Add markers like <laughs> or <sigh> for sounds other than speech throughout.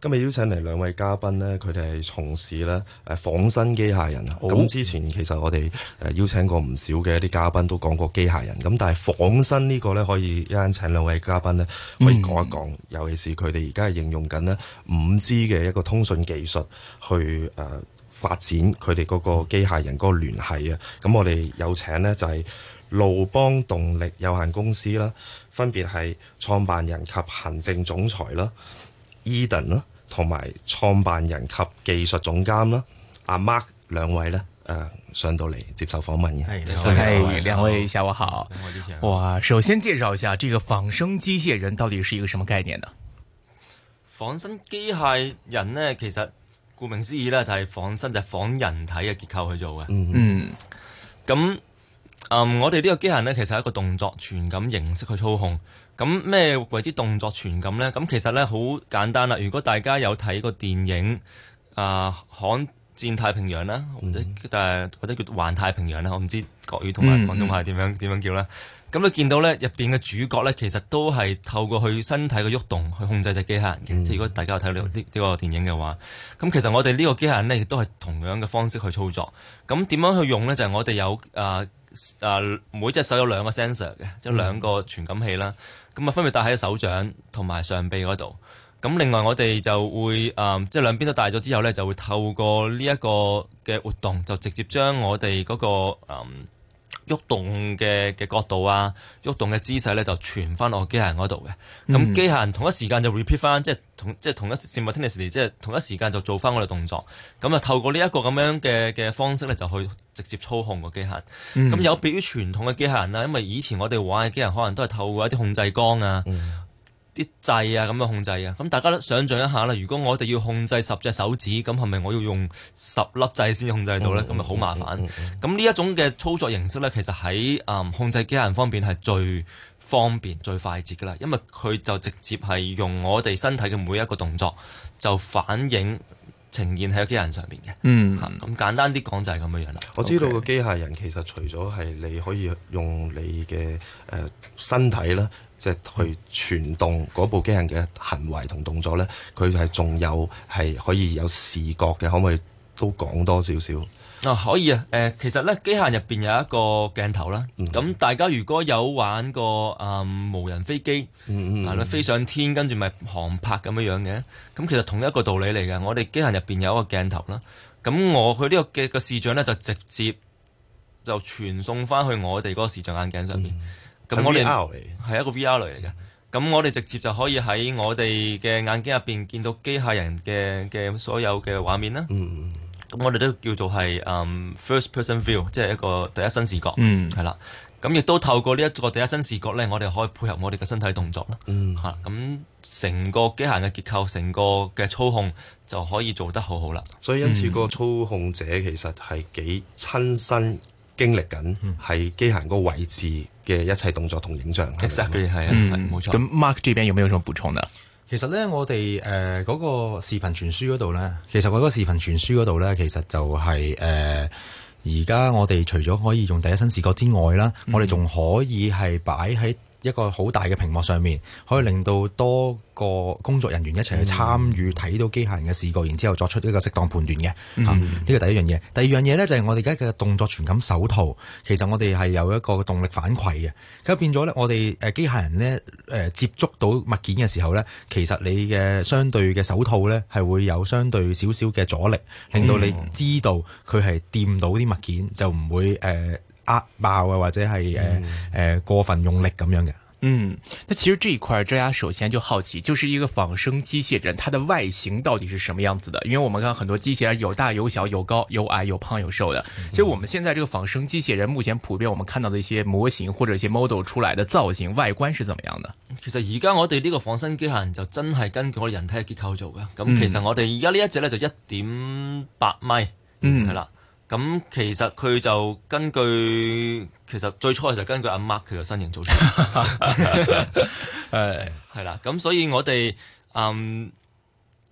今日邀請嚟兩位嘉賓呢，佢哋係從事咧誒仿生機械人啊。咁、oh. 之前其實我哋誒邀請過唔少嘅一啲嘉賓都講過機械人，咁但係仿生呢個呢，可以一陣請兩位嘉賓呢可以講一講，mm. 尤其是佢哋而家係應用緊呢五 G 嘅一個通訊技術去誒發展佢哋嗰個機械人嗰個聯繫啊。咁我哋有請呢就係路邦動力有限公司啦，分別係創辦人及行政總裁啦。Eden 咯，同埋創辦人及技術總監啦，阿 Mark 兩位咧，誒、呃、上到嚟接受訪問嘅。係，兩位下午好。Hello. 哇，首先介紹一下，這個仿生機械人到底是一個什麼概念呢？仿生機械人呢，其實顧名思義呢，就係仿生，就係、是、仿人體嘅結構去做嘅、mm hmm. 嗯。嗯咁、嗯，我哋呢個機械人呢，其實係一個動作傳感形式去操控。咁咩為之動作傳感咧？咁其實咧好簡單啦。如果大家有睇過電影《啊、呃、悍戰太平洋》啦、嗯，或者誒或者叫《環太平洋》啦，我唔知國語同埋廣東話點樣點、嗯嗯、樣叫啦。咁你見到咧入邊嘅主角咧，其實都係透過佢身體嘅喐動去控制隻機械人嘅。嗯、即係如果大家有睇呢呢呢個電影嘅話，咁其實我哋呢個機械人咧亦都係同樣嘅方式去操作。咁點樣去用咧？就係、是、我哋有啊啊每隻手有兩個 sensor 嘅，即係兩個傳感器啦。嗯咁啊，分別戴喺手掌同埋上臂嗰度。咁另外我哋就會誒、嗯，即係兩邊都戴咗之後咧，就會透過呢一個嘅活動，就直接將我哋嗰個、嗯。喐動嘅嘅角度啊，喐動嘅姿勢咧就傳翻落機械人嗰度嘅。咁、嗯、機械人同一時間就 repeat 翻，即係同即係同一即係同一時間就做翻我哋動作。咁啊，透過呢一個咁樣嘅嘅方式咧，就去直接操控個機械人。咁、嗯、有別於傳統嘅機械人啦，因為以前我哋玩嘅機械人可能都係透過一啲控制桿啊。嗯啲掣啊咁樣控制啊，咁大家都想象一下啦。如果我哋要控制十隻手指，咁係咪我要用十粒掣先控制到呢？咁咪好麻煩。咁呢、嗯嗯嗯、一種嘅操作形式呢，其實喺誒、嗯、控制機械人方面係最方便、最快捷㗎啦。因為佢就直接係用我哋身體嘅每一個動作，就反映呈現喺機械人上面嘅。嗯，咁簡單啲講就係咁嘅樣啦。我知道個機械人其實除咗係你可以用你嘅誒身體啦。即係去傳動嗰部機械人嘅行為同動作呢，佢係仲有係可以有視覺嘅，可唔可以都講多少少？啊，可以啊！誒、呃，其實呢，機械入邊有一個鏡頭啦。咁、嗯、大家如果有玩過誒、呃、無人飛機，嗯、啊，飛上天跟住咪航拍咁樣樣嘅，咁其實同一個道理嚟嘅。我哋機械入邊有一個鏡頭啦。咁我去呢個嘅個視像呢，就直接就傳送翻去我哋嗰個視像眼鏡上面。嗯。咁我哋係一個 V R 嚟嘅，咁我哋直接就可以喺我哋嘅眼鏡入邊見到機械人嘅嘅所有嘅畫面啦。咁、嗯、我哋都叫做係、um, First Person View，即係一個第一身視覺。嗯，係啦，咁亦都透過呢一個第一身視覺咧，我哋可以配合我哋嘅身體動作啦。吓咁成個機械嘅結構，成個嘅操控就可以做得好好啦。所以因此個操控者其實係幾親身經歷緊，係機械個位置。嘅一切動作同影像，exactly 係吧啊，冇、嗯、錯。咁 Mark 嗰邊有咩嘢想補充啊？其實咧，我哋誒嗰個視頻傳輸嗰度咧，其實嗰個視頻傳輸嗰度咧，其實就係誒而家我哋除咗可以用第一身視角之外啦，嗯、我哋仲可以係擺喺，一個好大嘅屏幕上面，可以令到多個工作人員一齊去參與，睇到機械人嘅視覺，然之後作出一個適當判斷嘅。嚇、啊，呢個第一樣嘢。第二樣嘢呢，就係我哋而家嘅動作傳感手套，其實我哋係有一個動力反饋嘅。咁變咗呢，我哋誒機械人呢，誒、呃、接觸到物件嘅時候呢，其實你嘅相對嘅手套呢，係會有相對少少嘅阻力，令到你知道佢係掂到啲物件，就唔會誒。呃壓爆啊，或者係誒誒過分用力咁樣嘅。嗯，其實這一塊，大家首先就好奇，就是一個仿生機械人，它的外形到底是什麼樣子的？因為，我們看很多機械人有大有小、有高有矮、有胖有瘦的。其實，我們現在這個仿生機械人，目前普遍我們看到的一些模型或者一些 model 出來的造型外觀是怎麼樣的？其實而家我哋呢個仿生機械人就真係根據我哋人體嘅結構做嘅。咁其實我哋而家呢一隻呢就一點八米，嗯，係啦、嗯。咁其實佢就根據，其實最初就根據阿 Mark 佢嘅身形做嘅，係係啦。咁所以我哋嗯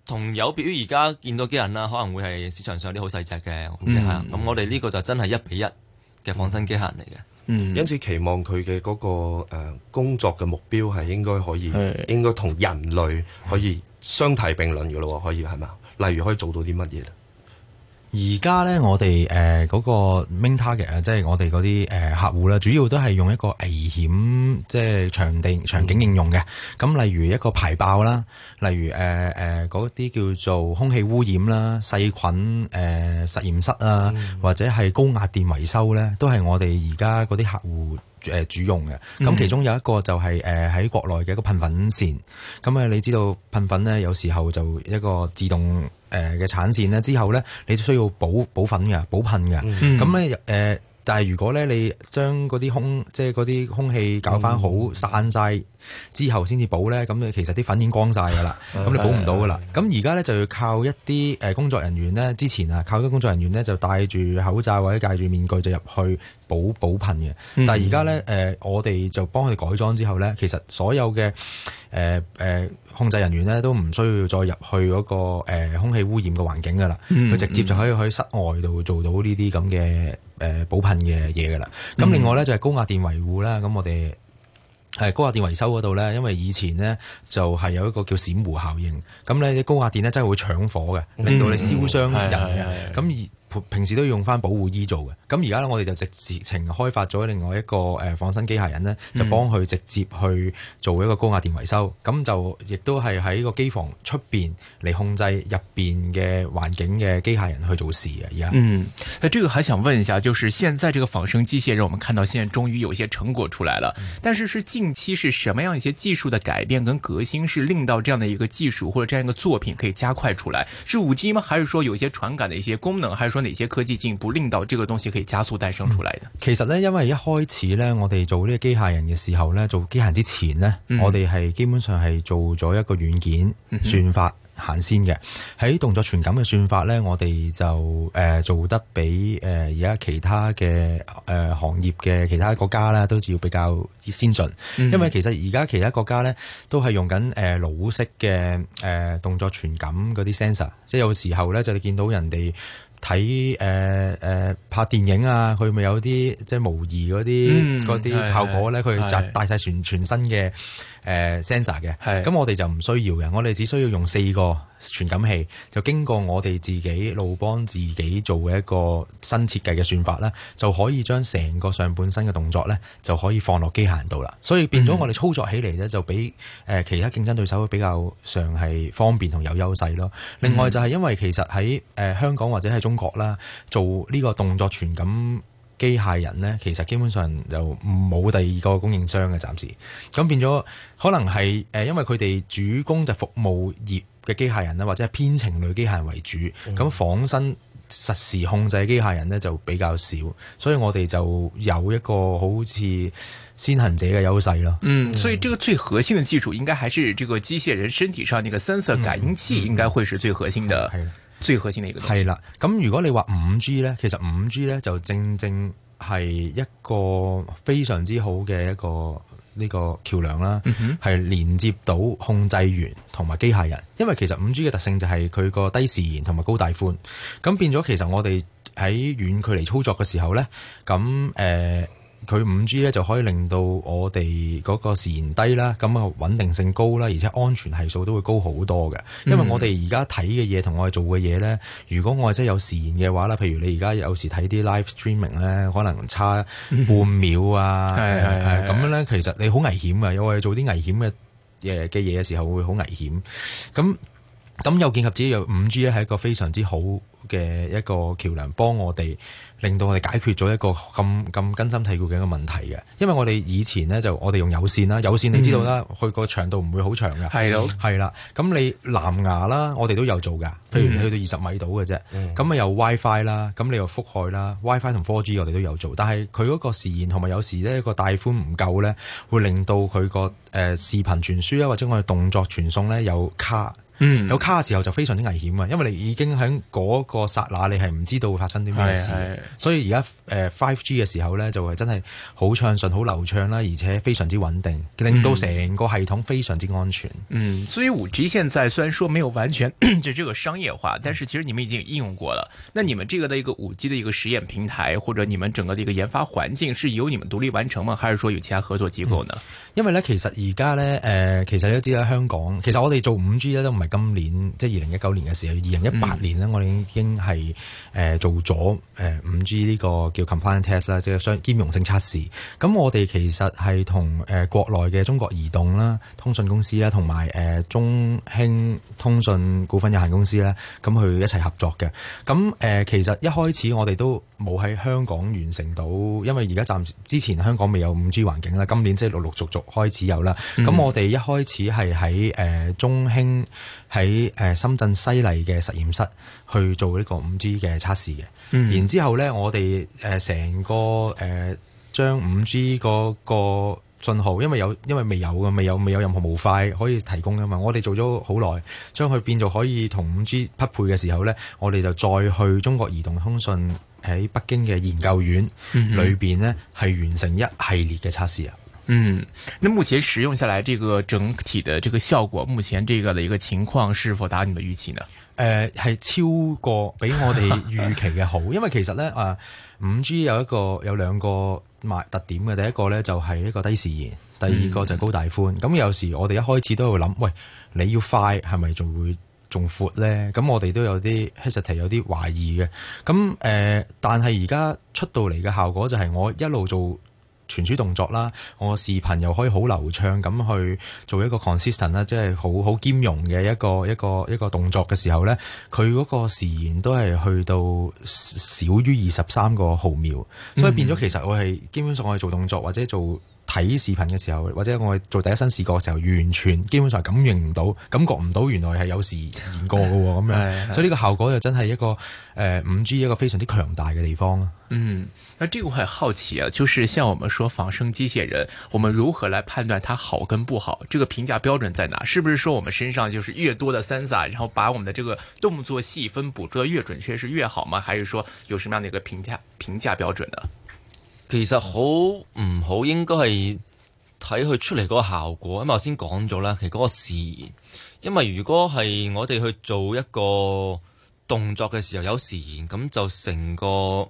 同有別於而家見到嘅人啦，可能會係市場上啲好細隻嘅，咁我哋呢個就真係一比一嘅仿生機械嚟嘅。因此期望佢嘅嗰個誒工作嘅目標係應該可以，應該同人類可以相提並論噶咯，可以係嘛？例如可以做到啲乜嘢咧？而家咧，我哋誒嗰個 main target 嘅，即係我哋嗰啲誒客戶啦，主要都係用一個危險，即係場地、場景應用嘅。咁例如一個排爆啦，例如誒誒嗰啲叫做空氣污染啦、細菌誒、呃、實驗室啊，或者係高壓電維修咧，都係我哋而家嗰啲客戶誒主用嘅。咁其中有一個就係誒喺國內嘅一個噴粉線。咁啊，你知道噴粉咧，有時候就一個自動。誒嘅、呃、產線咧，之後呢，你就需要補補粉嘅，補噴嘅。咁咧誒，但係如果咧你將嗰啲空，即係嗰啲空氣搞翻好、嗯、散晒之後呢，先至補咧，咁其實啲粉已經乾晒噶啦，咁、 <laughs> 嗯、你補唔到噶啦。咁而家呢，就要靠一啲誒工作人員呢，之前啊，靠啲工作人員呢，就戴住口罩或者戴住面具就入去補補噴嘅。但係而家呢，誒、呃，我哋就幫佢改裝之後呢，其實所有嘅誒誒。呃呃呃呃控制人員咧都唔需要再入去嗰、那個、呃、空氣污染嘅環境噶啦，佢、嗯、直接就可以喺室外度做到呢啲咁嘅誒補噴嘅嘢噶啦。咁另外咧就係、是、高壓電維護啦，咁我哋係、呃、高壓電維修嗰度咧，因為以前咧就係、是、有一個叫閃弧效應，咁咧啲高壓電咧真係會搶火嘅，嗯、令到你燒傷人嘅。咁而、嗯嗯平時都要用翻保護衣做嘅，咁而家咧我哋就直情開發咗另外一個誒仿生機械人呢就幫佢直接去做一個高壓電維修，咁、嗯、就亦都係喺個機房出邊嚟控制入邊嘅環境嘅機械人去做事嘅。而家嗯，呢個，想問一下，就是現在這個仿生機械人，我們看到現在終於有一些成果出來了，但是是近期是什麼樣一些技術的改變跟革新，是令到這樣的一個技術或者這樣一個作品可以加快出來？是 5G 嗎？還是說有一些傳感的一些功能，還有哪些科技進步令到這個東西可以加速誕生出來的？其實咧，因為一開始咧，我哋做呢個機械人嘅時候咧，做機械之前咧，嗯、我哋係基本上係做咗一個軟件算法行先嘅。喺、嗯嗯、動作傳感嘅算法咧，我哋就誒、呃、做得比誒而家其他嘅誒、呃、行業嘅其他國家咧都要比較先進。因為其實而家其他國家咧都係用緊誒、呃、老式嘅誒、呃、動作傳感嗰啲 sensor，即係有時候咧就你見到人哋。睇誒誒，拍電影啊，佢咪有啲即係模擬嗰啲嗰啲效果咧，佢就帶晒全全身嘅。誒 Sensor 嘅，咁、呃、的我哋就唔需要嘅，我哋只需要用四個傳感器，就經過我哋自己路邦自己做嘅一個新設計嘅算法咧，就可以將成個上半身嘅動作咧，就可以放落機械人度啦。所以變咗我哋操作起嚟咧，嗯、就比誒其他競爭對手比較上係方便同有優勢咯。另外就係因為其實喺誒、呃、香港或者喺中國啦，做呢個動作傳感。機械人呢，其實基本上就冇第二個供應商嘅暫時，咁變咗可能係誒，因為佢哋主攻就服務業嘅機械人啦，或者係編程類機械人為主，咁仿生實時控制嘅機械人呢，就比較少，所以我哋就有一個好似先行者嘅優勢咯。嗯，所以這個最核心嘅技術應該還是這個機械人身體上一個 sensor 感應器應該會是最核心的。嗯最貴先係啦。咁如果你話五 G 呢，其實五 G 呢就正正係一個非常之好嘅一個呢、這個橋樑啦，係、嗯、哼連接到控制員同埋機械人。因為其實五 G 嘅特性就係佢個低時延同埋高帶寬。咁變咗，其實我哋喺遠距離操作嘅時候呢，咁誒，呃佢五 G 咧就可以令到我哋嗰個時延低啦，咁啊穩定性高啦，而且安全係數都會高好多嘅。因為我哋而家睇嘅嘢同我哋做嘅嘢咧，如果我哋真係有時延嘅話啦，譬如你而家有時睇啲 live streaming 咧，可能差半秒啊，咁樣咧其實你好危險啊，因為我哋做啲危險嘅嘅嘢嘅時候會好危險。咁咁又結合住有五 G 咧，係一個非常之好嘅一個橋梁，幫我哋令到我哋解決咗一個咁咁根深蒂固嘅一個問題嘅。因為我哋以前呢，就我哋用有線啦，有線你知道啦，佢個、嗯、長度唔會好長噶，係咯、嗯，係啦。咁你藍牙啦，我哋都有做噶。譬如你去到二十米度嘅啫，咁啊、嗯、有 WiFi 啦，咁你又覆蓋啦，WiFi 同 4G 我哋都有做。但係佢嗰個時延同埋有時呢個帶寬唔夠呢，會令到佢個誒視頻傳輸啊，或者我哋動作傳送呢，有卡。嗯，有卡嘅時候就非常之危險啊，因為你已經喺嗰個剎那，你係唔知道會發生啲咩事，哎哎、所以而家誒 5G 嘅時候咧就係真係好暢順、好流暢啦，而且非常之穩定，令到成個系統非常之安全。嗯，所以五 G 現在雖然說沒有完全 <coughs> 就這個商業化，但是其實你們已經應用過了。那你們這個的一個五 G 嘅一個實驗平台，或者你們整個嘅一個研發環境，是由你們獨立完成嘛，還是說有其他合作機構呢？嗯、因為咧，其實而家咧，誒、呃，其實你都知道香港，其實我哋做五 G 咧都唔明。今年即係二零一九年嘅時候，二零一八年呢，我哋已經係誒、呃、做咗誒五 G 呢個叫 compliance test 啦，即係相兼容性測試。咁我哋其實係同誒國內嘅中國移動啦、通訊公司啦，同埋誒中興通訊股份有限公司咧，咁去一齊合作嘅。咁誒、呃，其實一開始我哋都冇喺香港完成到，因為而家暫時之前香港未有五 G 環境啦。今年即係陸陸續續開始有啦。咁、嗯、我哋一開始係喺誒中興喺誒深圳西麗嘅實驗室去做呢個五 G 嘅測試嘅。嗯、然之後咧，我哋誒成個誒、呃、將五 G 𠮶 個信號，因為有因為未有嘅，未有未有任何模塊可以提供噶嘛。我哋做咗好耐，將佢變做可以同五 G 匹配嘅時候咧，我哋就再去中國移動通信。喺北京嘅研究院裏邊呢，係完成一系列嘅測試啊。嗯，那目前使用下嚟這個整體的這個效果，目前這個的一個情況是否達唔到預期呢？誒、呃，係超過比我哋預期嘅好。 <laughs> 因為其實呢，誒、啊、五 G 有一個有兩個賣特點嘅，第一個呢就係、是、一個低時延，第二個就係高帶寬。咁、嗯、有時我哋一開始都會諗，喂，你要快係咪仲會？仲闊咧，咁我哋都有啲 hesitate，有啲懷疑嘅。咁、嗯、誒，但係而家出到嚟嘅效果就係，我一路做傳輸動作啦，我視頻又可以好流暢咁去做一個 consistent 啦，即係好好兼容嘅一個一個一個動作嘅時候咧，佢嗰個時延都係去到少於二十三個毫秒，嗯、所以變咗其實我係基本上我係做動作或者做。睇視頻嘅時候，或者我做第一身試過嘅時候，完全基本上感應唔到、感覺唔到，原來係有時過嘅咁樣。 <laughs> 所以呢個效果就真係一個誒五、呃、G 一個非常之強大嘅地方啊。嗯，那這個我很好奇啊，就是像我們說仿生機械人，我們如何來判斷它好跟不好？這個評價標準在哪？是不是說我哋身上就是越多嘅 sensor，然後把我哋嘅這個動作細分捕捉得越準確是越好嗎？還是說有什麼樣嘅一個評價評價標準呢？其實好唔好應該係睇佢出嚟嗰個效果，因為我先講咗啦。其實嗰個時延，因為如果係我哋去做一個動作嘅時候有時延，咁就成個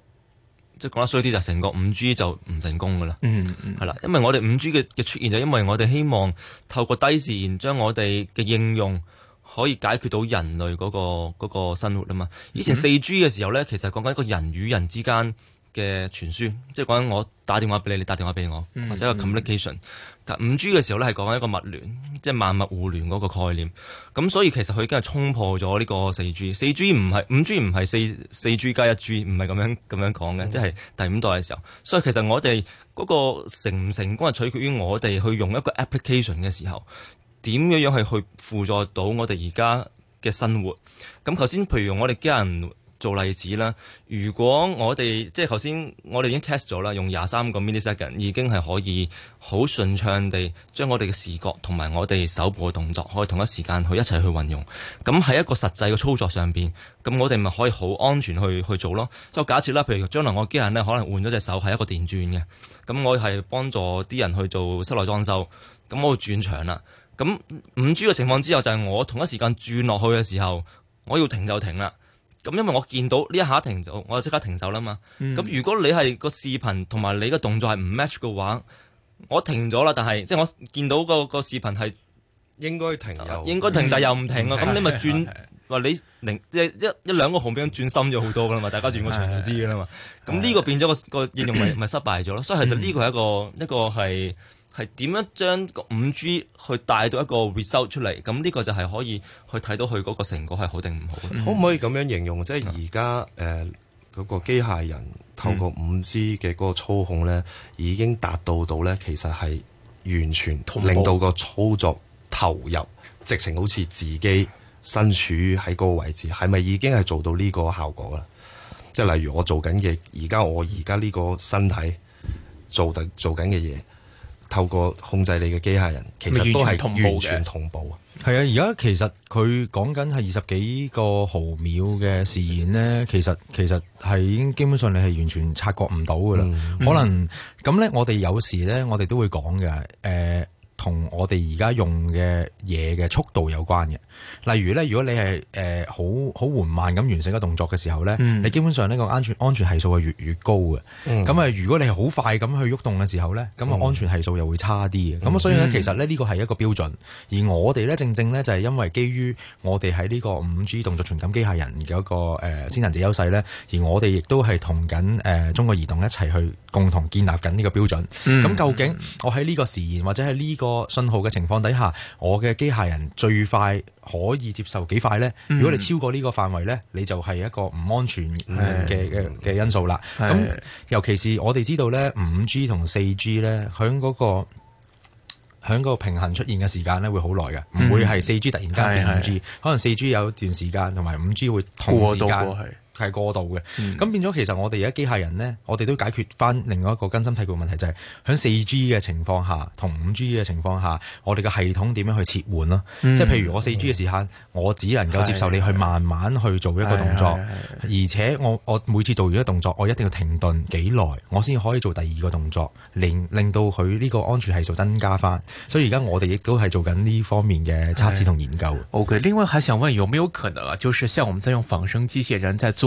即係講得衰啲就成個五 G 就唔成功噶啦，嗯。嗯嗯，係啦，因為我哋五 G 嘅嘅出現就因為我哋希望透過低時延將我哋嘅應用可以解決到人類嗰、嗰個、嗰個生活啊嘛。以前四 G 嘅時候咧，嗯、其實講緊一個人與人之間。嘅傳輸，即係講緊我打電話俾你，你打電話俾我，嗯、或者個 communication、嗯。但五 G 嘅時候咧，係講緊一個物聯，即係萬物互聯嗰個概念。咁所以其實佢已經係衝破咗呢個四 G, 4 G。四 G 唔係五 G，唔係四四 G 加一 G，唔係咁樣咁樣講嘅，即係、嗯、第五代嘅時候。所以其實我哋嗰個成唔成功係取決於我哋去用一個 application 嘅時候，點樣樣係去輔助到我哋而家嘅生活。咁頭先譬如我哋驚人，做例子啦。如果我哋即係頭先，我哋已經 test 咗啦，用廿三個 milli second 已經係可以好順暢地將我哋嘅視覺同埋我哋手部嘅動作可以同一時間去一齊去運用。咁喺一個實際嘅操作上邊，咁我哋咪可以好安全去去做咯。即假設啦，譬如將來我機械人咧，可能換咗隻手係一個電鑽嘅，咁我係幫助啲人去做室內裝修，咁我會轉場啦。咁五 G 嘅情況之後，就係我同一時間轉落去嘅時候，我要停就停啦。咁因為我見到呢一下停咗，我就即刻停手啦嘛。咁、嗯、如果你係個視頻同埋你個動作係唔 match 嘅話，我停咗啦。但係即係我見到個個視頻係應，應該停，應該停，但又唔停啊。咁、嗯嗯、你咪轉話、嗯、你即係一一兩個紅兵轉深咗好多噶啦嘛，大家轉過場就知噶啦嘛。咁呢個變咗個個應用咪咪失敗咗咯。所以其實呢個係一個一個係。係點樣將個五 G 去帶到一個 result 出嚟？咁呢個就係可以去睇到佢嗰個成果係好定唔好？可唔可以咁樣形容？即係而家誒嗰個機械人透過五 G 嘅嗰個操控咧，嗯、已經達到到咧，其實係完全令到個操作投入，同步。直情好似自己身處喺嗰個位置，係咪已經係做到呢個效果啦？即係例如我做緊嘅，而家我而家呢個身體做第做緊嘅嘢。透過控制你嘅機械人，其實都係完全同步。係啊，而家其實佢講緊係二十幾個毫秒嘅時延咧，其實其實係已經基本上你係完全察覺唔到㗎喇。嗯、可能咁咧、嗯，我哋有時咧，我哋都會講嘅，誒、呃。同我哋而家用嘅嘢嘅速度有關嘅，例如咧，如果你係誒好好緩慢咁完成個動作嘅時候咧，嗯、你基本上呢個安全安全係數係越越高嘅。咁啊，如果你係好快咁去喐動嘅時候咧，咁啊安全係數又會差啲嘅。咁啊，所以咧其實咧呢個係一個標準，嗯、而我哋咧正正咧就係、是、因為基於我哋喺呢個五 G 動作傳感機械人嘅一個誒先人者優勢咧，而我哋亦都係同緊誒中國移動一齊去共同建立緊呢個標準。咁、嗯嗯、究竟我喺呢個時延或者喺呢、這個。個信號嘅情況底下，我嘅機械人最快可以接受幾快呢？嗯、如果你超過呢個範圍呢，你就係一個唔安全嘅嘅嘅因素啦。咁的尤其是我哋知道呢，五 G 同四 G 呢，響嗰個響個平衡出現嘅時間呢，會好耐嘅，唔會係四 G 突然間變五 G，可能四 G 有段時間同埋五 G 會同時間。過係過度嘅，咁變咗其實我哋而家機械人呢，我哋都解決翻另外一個更新替換問題，就係喺四 G 嘅情況下同五 G 嘅情況下，我哋嘅系統點樣去切換咯？嗯、即係譬如我四 G 嘅時間，的我只能夠接受你去慢慢去做一個動作，而且我我每次做完一個動作，我一定要停頓幾耐，我先可以做第二個動作，令，令到佢呢個安全係數增加翻。所以而家我哋亦都係做緊呢方面嘅測試同研究。OK，另外還想問，有沒有可能啊？就是像我們在用仿生機械人在做。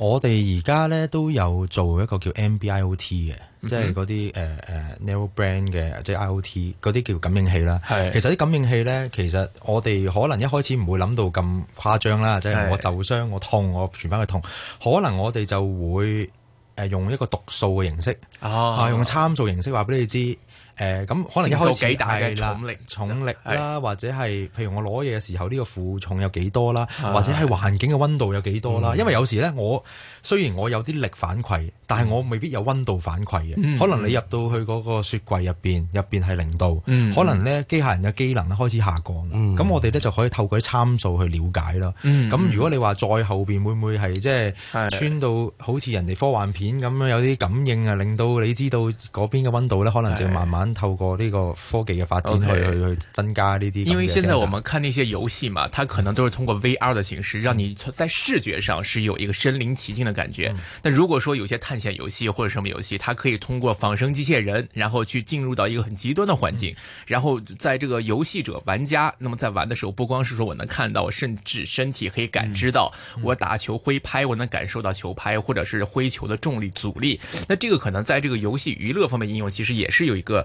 我哋而家咧都有做一個叫 NBIoT 嘅，即係嗰啲誒誒 narrowband 嘅，即係 IoT 嗰啲叫感應器啦。是的 其實啲感應器咧，其實我哋可能一開始唔會諗到咁誇張啦，即係是的 我受傷我痛我傳翻去痛，可能我哋就會誒用一個讀數嘅形式，哦、啊用參數形式話俾你知。誒咁可能一開始係啦，幾大力重力啦，或者係譬如我攞嘢嘅時候，呢個負重有幾多啦，或者係環境嘅温度有幾多啦。因為有時咧，我雖然我有啲力反饋，但係我未必有温度反饋嘅。可能你入到去嗰個雪櫃入邊，入邊係零度，可能咧機械人嘅機能開始下降。咁我哋咧就可以透過啲參數去了解啦。咁如果你話再後邊會唔會係即係穿到好似人哋科幻片咁樣有啲感應啊，令到你知道嗰邊嘅温度咧，可能就要慢慢。透過呢個科技的發展去去去增加呢啲。Okay, 因為現在我們看那些遊戲嘛，它可能都是通過 VR 的形式，讓你在視覺上是有一個身臨其境的感覺。那、嗯、如果說有些探險遊戲或者什麼遊戲，它可以通過仿生機械人，然後去進入到一個很極端的環境，嗯、然後在這個遊戲者玩家，那麼在玩的時候，不光是說我能看到，甚至身體可以感知到，嗯、我打球揮拍，我能感受到球拍或者是揮球的重力阻力。那這個可能在這個遊戲娛樂方面應用，其實也是有一個。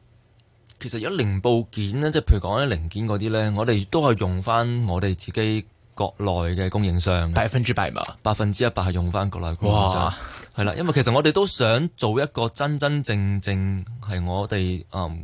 其實有零部件咧，即係譬如講啲零件嗰啲咧，我哋都係用翻我哋自己國內嘅供應商，百分之百嘛，百分之一百係用翻國內供應商，係啦哇。因為其實我哋都想做一個真真正正係我哋誒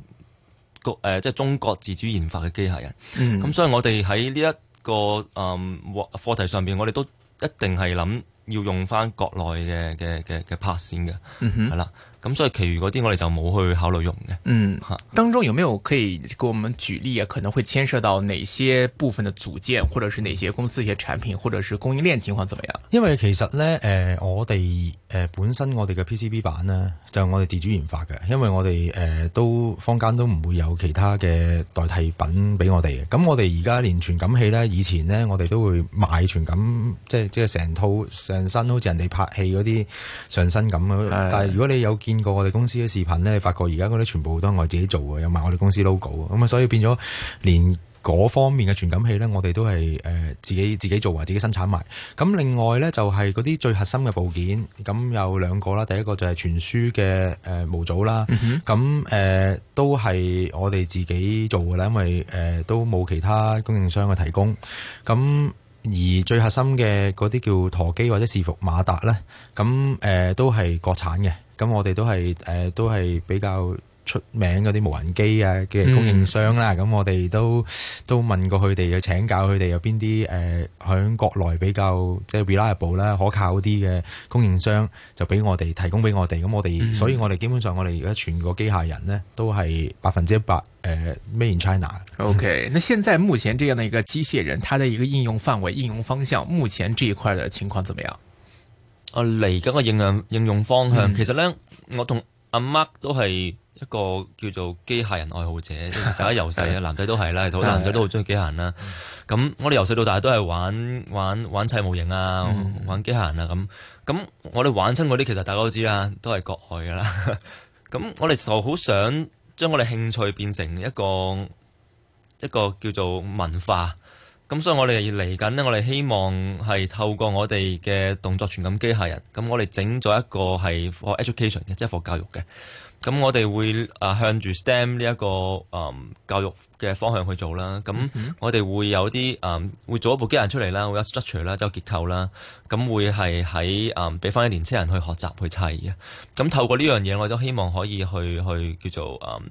國、嗯呃、即係中國自主研發嘅機械人。咁、嗯、所以我哋喺呢一個誒課課題上邊，我哋都一定係諗要用翻國內嘅嘅嘅嘅拍線嘅，係啦、嗯哼。咁所以其餘嗰啲我哋就冇去考慮用嘅。嗯，吓當中有沒有可以給我們舉例啊？可能會牽涉到哪些部分嘅組件，或者是哪些公司、一些產品，或者是供應鏈情況怎麼樣？因為其實咧，誒、呃，我哋誒、呃、本身我哋嘅 PCB 板咧，就係、是、我哋自主研發嘅。因為我哋誒都坊間都唔會有其他嘅代替品俾我哋嘅。咁我哋而家連傳感器咧，以前咧我哋都會買傳感即係即係成套成身，好似人哋拍戲嗰啲上身咁咯。的但係如果你有見見過我哋公司嘅視頻呢，發覺而家嗰啲全部都係我自己做嘅，有埋我哋公司 logo 咁啊，所以變咗連嗰方面嘅傳感器呢，我哋都係誒自己自己做埋，自己生產埋。咁另外呢，就係嗰啲最核心嘅部件，咁有兩個啦，第一個就係傳輸嘅誒模組啦，咁誒、嗯哼呃、都係我哋自己做嘅啦，因為誒、呃、都冇其他供應商嘅提供。咁而最核心嘅嗰啲叫陀機或者伺服馬達呢，咁、呃、誒都係國產嘅。咁我哋都係誒、呃、都係比較出名嗰啲無人機啊嘅供應商啦。咁、嗯、我哋都都問過佢哋，要請教佢哋有邊啲誒響國內比較即係 reliable 啦，可靠啲嘅供應商就，就俾我哋提供俾我哋。咁我哋，嗯、所以我哋基本上我哋而家全個機械人咧，都係百分之一百誒 made in China。OK，那現在目前這樣的一個機械人，它的一個應用範圍、應用方向，目前這一塊的情況怎麼樣？啊！嚟緊個應用應用方向，嗯、其實咧，我同阿 Mark 都係一個叫做機械人愛好者， <laughs> 大家由細啊男仔，都係啦，其實好多男仔都好中意機械人啦。咁、嗯、我哋由細到大都係玩玩玩砌模型啊，玩機械人啊咁。咁我哋玩親嗰啲，其實大家都知啦，都係國外噶啦。咁 <laughs> 我哋就好想將我哋興趣變成一個一個叫做文化。咁所以我哋嚟緊呢，我哋希望係透過我哋嘅動作傳感機械人，咁我哋整咗一個係學 education 嘅，即係學教育嘅。咁我哋會啊向住 STEM 呢、這、一個嗯教育嘅方向去做啦。咁我哋會有啲啊、嗯、會做一部機械人出嚟啦，會有 structure 啦，即係結構啦。咁、嗯、會係喺啊俾翻啲年青人去學習去砌嘅。咁透過呢樣嘢，我都希望可以去去叫做嗯。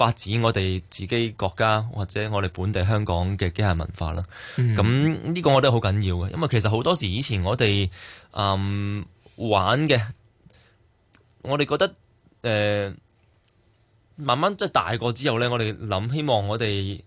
發展我哋自己國家或者我哋本地香港嘅機械文化啦，咁呢、嗯呢個我覺得好緊要嘅，因為其實好多時以前我哋誒、嗯、玩嘅，我哋覺得誒、呃、慢慢即係大個之後呢，我哋諗希望我哋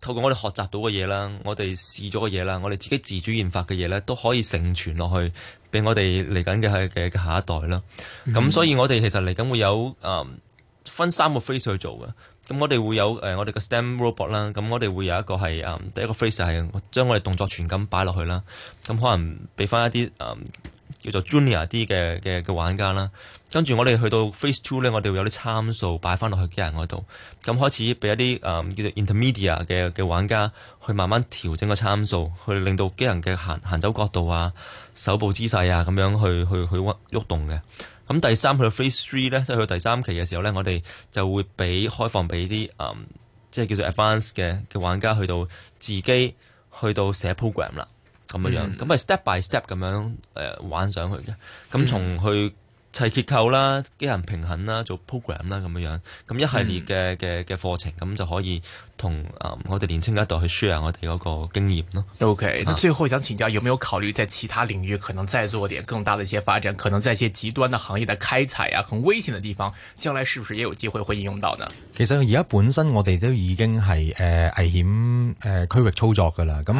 透過我哋學習到嘅嘢啦，我哋試咗嘅嘢啦，我哋自己自主研發嘅嘢呢，都可以成傳落去俾我哋嚟緊嘅係嘅下一代啦。咁、嗯、所以我哋其實嚟緊會有誒。嗯分三個 phase 去做嘅，咁我哋會有誒、呃、我哋嘅 STEM robot 啦，咁我哋會有一個係、嗯、第一個 phase 係將我哋動作全咁擺落去啦，咁可能俾翻一啲誒、嗯、叫做 Junior 啲嘅嘅嘅玩家啦，跟住我哋去到 phase two 咧，我哋會有啲參數擺翻落去機人嗰度，咁開始俾一啲誒、嗯、叫做 Intermediate 嘅嘅玩家去慢慢調整個參數，去令到機人嘅行行走角度啊、手部姿勢啊咁樣去去去喐動嘅。咁第三去到 Phase Three 咧，即係去到第三期嘅時候咧，我哋就會俾開放俾啲嗯，即係叫做 Advanced 嘅嘅玩家去到自己去到寫 program 啦，咁樣樣，咁係、嗯、step by step 咁樣誒、呃、玩上去嘅，咁從去。砌結構啦、機人平衡啦、做 program 啦咁樣樣，咁一系列嘅嘅嘅課程，咁就可以同誒我哋年輕一代去 share 我哋嗰個經驗咯。OK，最後想請教，有冇有考慮在其他領域可能再做點更大嘅一些發展？可能在一些極端嘅行業嘅開採啊，很危險嘅地方，將來是不是也有機會會應用到呢？其實而家本身我哋都已經係誒危險誒區域操作嘅啦。咁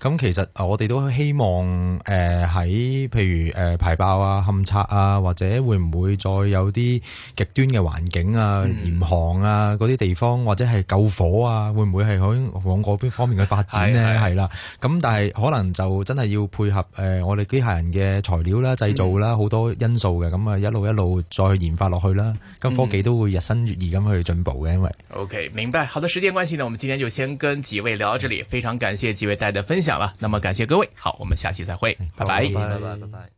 咁是其實我哋都希望誒喺譬如誒、呃、排爆啊、勘測啊或者。會唔會再有啲極端嘅環境啊、嚴寒、嗯、啊嗰啲地方，或者係救火啊，會唔會係可以往嗰邊方面去發展呢？係啦，咁的、嗯、但係可能就真係要配合誒、呃，我哋機械人嘅材料啦、製造啦，好、嗯、多因素嘅，咁啊一路一路再研發落去啦。咁、嗯、科技都會日新月異咁去進步嘅。因為 OK，明白。好的，時間關係呢，我們今天就先跟幾位聊到這裏，嗯、非常感謝幾位帶嚟的分享啦。那麼感謝各位，好，我們下期再會，拜拜，拜拜，拜拜。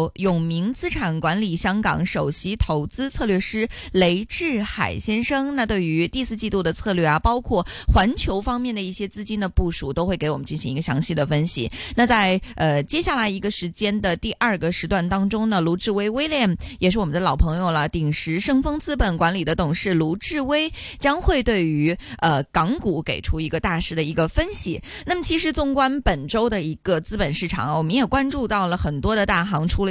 永明資產管理香港首席投資策略師雷志海先生，那對於第四季度的策略啊，包括環球方面的一些資金的部署，都會給我們進行一個詳細的分析。那在呃接下來一個時間的第二個時段當中呢，盧志威 William 也是我們的老朋友了，鼎時盛豐資本管理的董事盧志威將會對於呃港股給出一個大勢的一個分析。那麼其實縱觀本周的一個資本市場，我們也關注到了很多的大行出了。